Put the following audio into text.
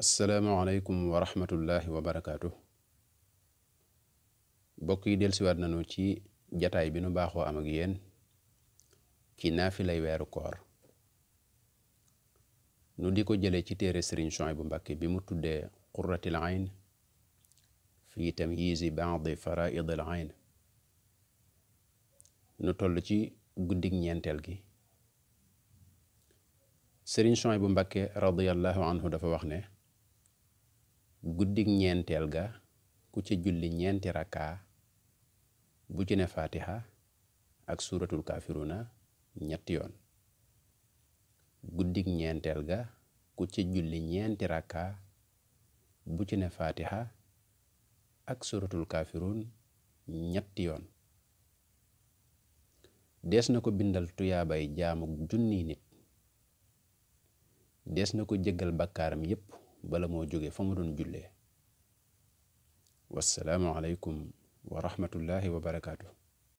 asalaamaaleykum wa rahmatullahi wa bokk yi dellusiwaat nañu ci jataay bi nu baaxoo am ak yéen ci naafilay weeru koor nu di ko jëlee ci téere Sëriñ bu Mbàkke bi mu tuddee qurratil ayn fii tamyiizi ba'di faraa'idil ayn nu toll ci guddig ñeenteel gi Sëriñ Suhaybu Mbàkke radiyallahu anhu dafa wax ne guddig ñeenteel ga ku ci julli ñeenti rakka bu ci ne fatiha ak suuratul kafiruna ñetti yoon guddig ñeenteel ga ku ci julli ñeenti rakka bu ci ne fatiha ak suuratul kafirun ñetti yoon dees na ko bindal tuyaabay jaamu junni nit dees na ko jëggal bakkaaram yépp bala moo jóge fa mu doon jullee wassalaamu aleykum wa rahmatullahi wa barakaatu